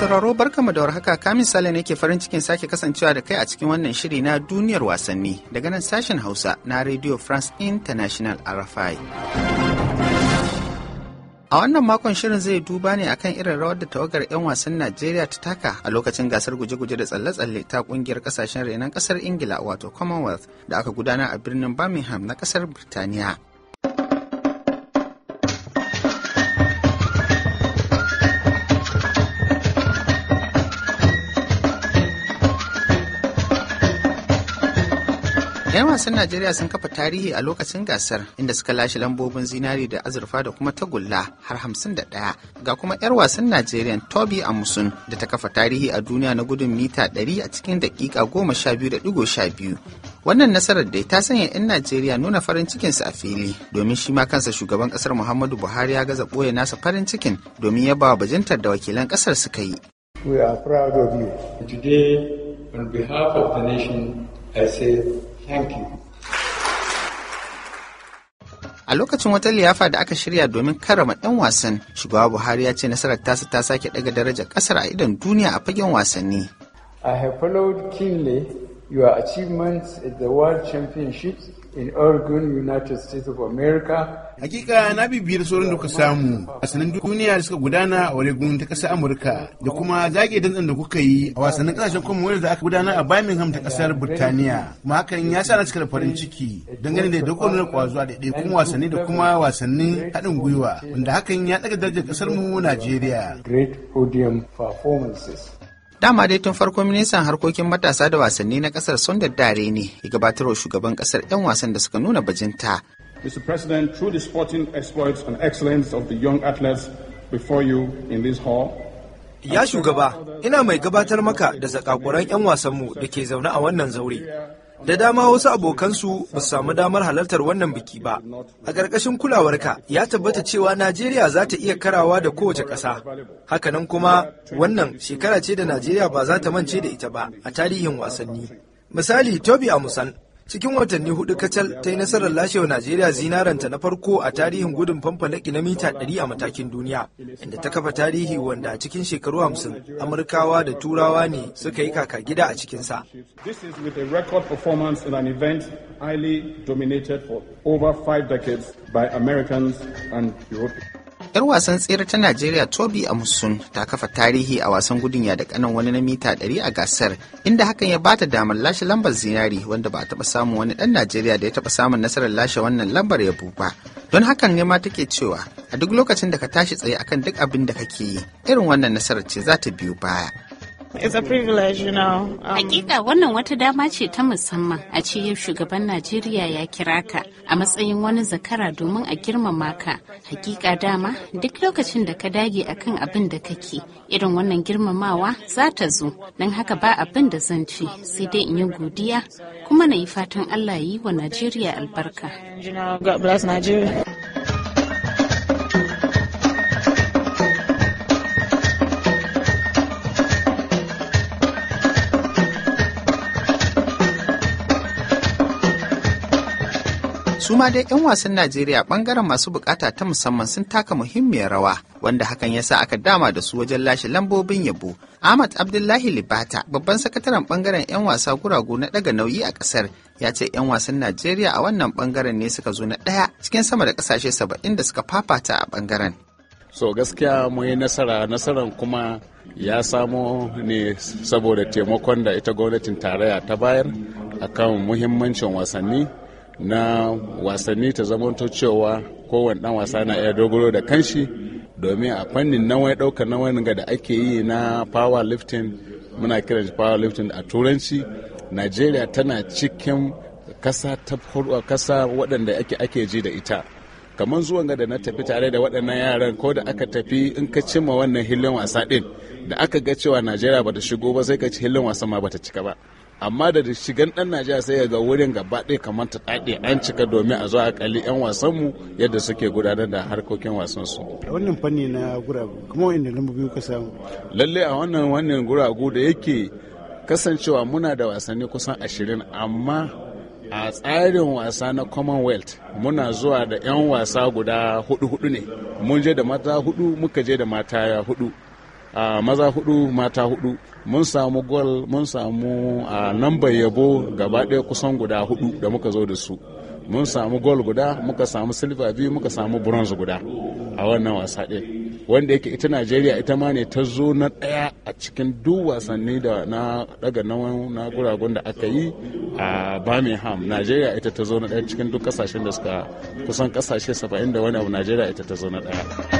sauraro kama da warhaka kamin sale ne ke farin cikin sake kasancewa da kai a cikin wannan shiri na duniyar wasanni daga nan sashen hausa na radio france international rfi a wannan makon shirin zai duba ne akan irin rawar da tawagar 'yan wasan najeriya ta taka a lokacin gasar guje-guje da tsalle-tsalle ta kungiyar kasashen renon kasar ingila wato commonwealth da aka gudana a birnin birmingham na kasar birtaniya 'Yan wasan Najeriya sun kafa tarihi a lokacin gasar inda suka lashe lambobin zinari da azurfa da kuma tagulla har hamsin da ɗaya, ga kuma 'yar wasan Najeriya Toby Amusun da ta kafa tarihi a duniya na gudun mita 100 a cikin dakika biyu. Wannan nasarar dai ta sanya 'yan Najeriya nuna farin cikinsu a fili domin shi ma kansa shugaban kasar Muhammadu Buhari ya gaza ɓoye nasa farin cikin domin ya bawa bajintar da wakilan kasar suka yi. We are proud of you. Today, on behalf of the nation, I say Thank you. a lokacin wata liyafa da aka shirya domin karrama 'yan wasan shugaba buhari ya ce nasarar tasa ta sake daga darajar kasar a idon duniya a fagen wasanni i have followed keenly your achievements at the World Championships in Oregon, United States of America. Hakika na bibiyar sauran da kuka samu a sanin duniya da suka gudana a Oregon ta ƙasar Amurka da kuma zage dantsan da kuka yi a wasannin ƙasashen Commonwealth da aka gudana a Birmingham ta ƙasar Burtaniya. Kuma hakan ya sa na cika da farin ciki dangane da dokonar kwazo a kuma wasanni da kuma wasannin haɗin gwiwa wanda hakan ya ɗaga darajar ƙasarmu mu Najeriya. Great podium performances. dama dai tun farko ministan harkokin matasa da wasanni na kasar sun dare ne ya gabatarwa shugaban kasar 'yan wasan da suka nuna bajinta Mr. President, through the sporting exploits and excellence of the young athletes before you in this hall, Ya shugaba, ina mai gabatar maka da zakakuran 'yan wasanmu da ke zaune a wannan zaure. Da dama wasu abokansu ba su samu damar halartar wannan biki ba. A ƙarƙashin kulawarka ya tabbata cewa Najeriya za ta iya karawa da kowace ƙasa. Hakanan kuma wannan shekara ce da Najeriya ba za ta mance da ita ba a tarihin wasanni. Misali Tobi Amusan cikin watanni hudu kacal ta yi nasarar lashewa Najeriya zinaranta na farko a tarihin gudun famfalaki na mita 100 a matakin duniya, inda ta kafa tarihi wanda a cikin shekaru hamsin Amurkawa da Turawa ne suka yi kaka gida a cikin sa with record in dominated over five decades by Americans and Europeans. 'Yar wasan tsere ta Najeriya Tobi Amusun ta kafa tarihi a wasan gudunya da kanan wani na mita 100 a gasar inda hakan ya bata damar lashe lambar zinari wanda ba a taba samun wani dan Najeriya da ya taba samun nasarar lashe wannan lambar yabo ba. Don hakan ne ma take cewa a duk lokacin da ka tashi tsaye akan duk abin da kake yi irin wannan nasarar ce za ta biyo baya. It's a privilege, you know. Um, Hakika wannan wata dama ce ta musamman a cikin shugaban Najeriya ya kira ka a matsayin wani zakara domin a girmama ka. Hakika dama duk lokacin da ka dage akan abin da kake irin wannan girmamawa za ta zo. Don haka ba abin da zan ci, sai dai in yi godiya kuma na yi fatan Allah yi wa Najeriya albarka. su ma dai 'yan wasan najeriya bangaren masu bukata ta musamman sun taka muhimmiyar rawa wanda hakan ya sa aka dama da su wajen lashe lambobin yabo ahmad abdullahi libata babban sakataren bangaren 'yan wasa guragu na daga nauyi a kasar ya ce 'yan wasan najeriya a wannan bangaren ne suka zo na ɗaya cikin sama da kasashe saba'in da suka fafata a bangaren so gaskiya mu yi nasara nasaran kuma ya samo ne saboda taimakon da ita gwamnatin tarayya ta bayar akan muhimmancin wasanni na wasanni ta zamanto cewa kowane dan wasa na iya dogaro da kanshi domin a fannin nawai na wani ga da ake yi na power lifting muna kiran shi power lifting a turanci nigeria tana cikin kasa ta kasa waɗanda ake ake ji da ita kamar zuwan ga da na tafi tare da waɗannan yaran ko da aka tafi in ka cimma wannan hilin wasa din da aka ga cewa najeriya bata shigo ba sai ka ci hilin wasan ma bata cika ba amma da shigan dan najeriya sai ga wurin gaba ɗaya kamar ta ɗaɗe an cika domin a zo a kali yan wasanmu yadda suke gudanar da harkokin wasan su a wannan fanni na guragu kuma inda biyu ka samu lalle a wannan wannan guragu da yake kasancewa muna da wasanni kusan ashirin amma a tsarin wasa na commonwealth muna zuwa da 'yan wasa guda hudu hudu ne mun je da mata hudu muka je da mata hudu maza hudu mata hudu mun samu gol mun samu a nambar yabo gaba ɗaya kusan guda hudu da muka zo da su mun samu gol guda muka samu silva biyu muka samu bronze guda a wannan wasa ɗin wanda yake ita najeriya ita ma ne ta zo na ɗaya a cikin duk wasanni da na daga na guragun da aka yi a birmingham najeriya ita ta zo na ɗaya cikin duk kasashen da suka kusan kasashe saba'in da wani abu najeriya ita ta zo na ɗaya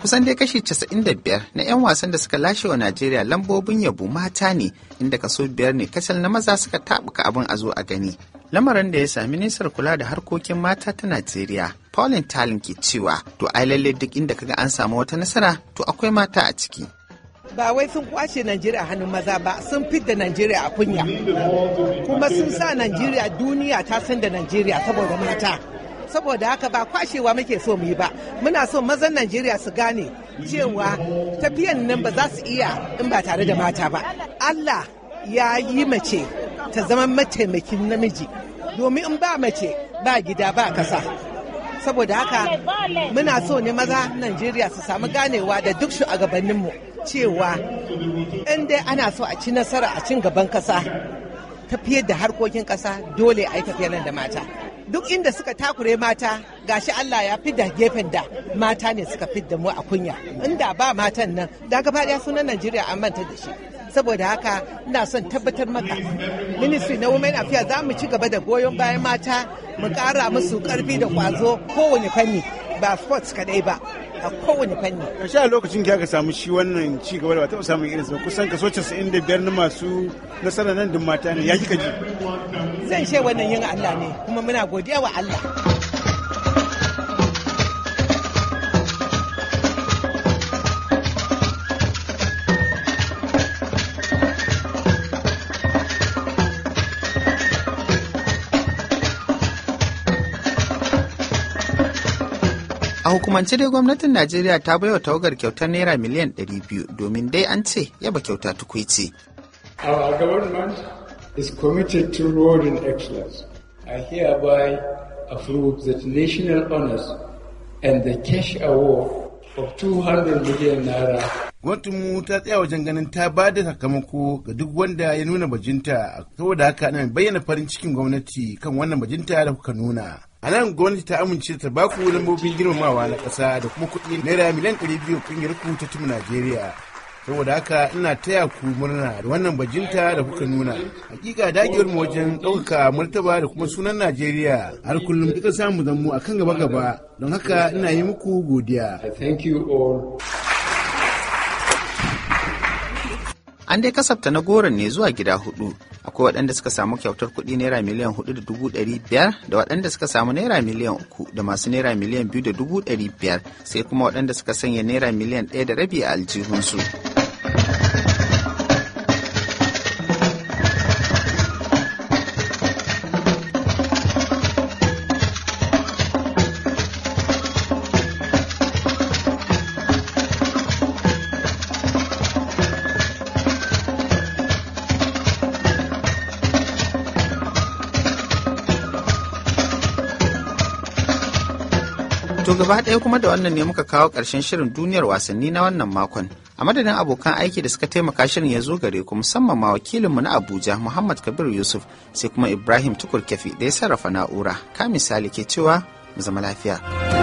kusan dai kashi 95 na 'yan wasan da suka lashe wa najeriya lambobin yabo mata ne inda kaso biyar ne kasal na maza suka tabuka abin a zo a gani lamarin da ya sami nisar kula da harkokin mata ta najeriya pauline talin ke cewa to ai lalle duk inda kaga an samu wata nasara to akwai mata a ciki ba wai sun kwashe Najeriya hannun maza ba sun da Najeriya a kunya kuma sun sa Najeriya duniya ta san da Najeriya saboda mata saboda haka ba kwashewa muke so mu yi ba muna so mazan najeriya su gane cewa tafiyan nan ba za su iya in ba tare da mata ba allah ya yi mace ta zama mataimakin namiji domin in ba mace ba gida ba kasa saboda haka muna so ne maza najeriya su samu ganewa da duk shugabanninmu cewa in dai ana so a ci nasara a cin gaban kasa tafiyar da harkokin kasa dole a yi tafiyar da mata duk inda suka takure mata ga shi Allah ya fi da gefen da mata ne suka fi da mu a kunya inda ba matan nan da gaba sunan Najeriya an manta da shi saboda haka ina son tabbatar maka ministry na women affairs za mu ci gaba da goyon bayan mata mu kara musu karfi da kwazo kowane fanni ba sports kadai ba a kowane fanni karshe a lokacin aka samu shi wannan ci gaba da ba taɓa samun irinsa kusan kaso 95 na masu nasara nan din mata ne ya kika ji zan she wannan yin Allah ne kuma muna godiya wa Allah A hukumance dai gwamnatin Najeriya ta baiwa tawagar kyautar naira miliyan 200 domin dai an ce yaba kyauta tukwici. is committed to road excellence. I hereby approve that national honors and the cash award of 200 million naira mu ta tsaya wajen ganin ta ba da sakamako ga duk wanda ya nuna bajinta saboda haka ana bayyana farin cikin gwamnati kan wannan bajinta da kuka nuna a nan gwamnati ta amince ta ba ku lambobin girmamawa na ƙasa da kuma kuɗi naira miliyan ɗari biyu ƙungiyar ku ta najeriya saboda haka ina taya ku murna da wannan bajinta da kuka nuna hakika dagewar mu wajen ɗaukaka martaba da kuma sunan najeriya har kullum kika samu zammu akan gaba gaba don haka ina yi muku godiya an dai kasafta na goron ne zuwa gida hudu akwai waɗanda suka samu kyautar kuɗi naira miliyan hudu da dubu ɗari biyar da waɗanda suka samu naira miliyan uku da masu naira miliyan biyu da dubu ɗari biyar sai kuma waɗanda suka sanya naira miliyan ɗaya da rabi a aljihunsu. To gaba ɗaya kuma da wannan ne muka kawo ƙarshen shirin duniyar wasanni na wannan makon. A madadin abokan aiki da suka taimaka shirin ya zo gare ku musamman ma wakilinmu na Abuja Muhammad Kabir Yusuf sai kuma Ibrahim Tukur Kefi da ya sarrafa na'ura. Ka misali ke cewa mu zama lafiya.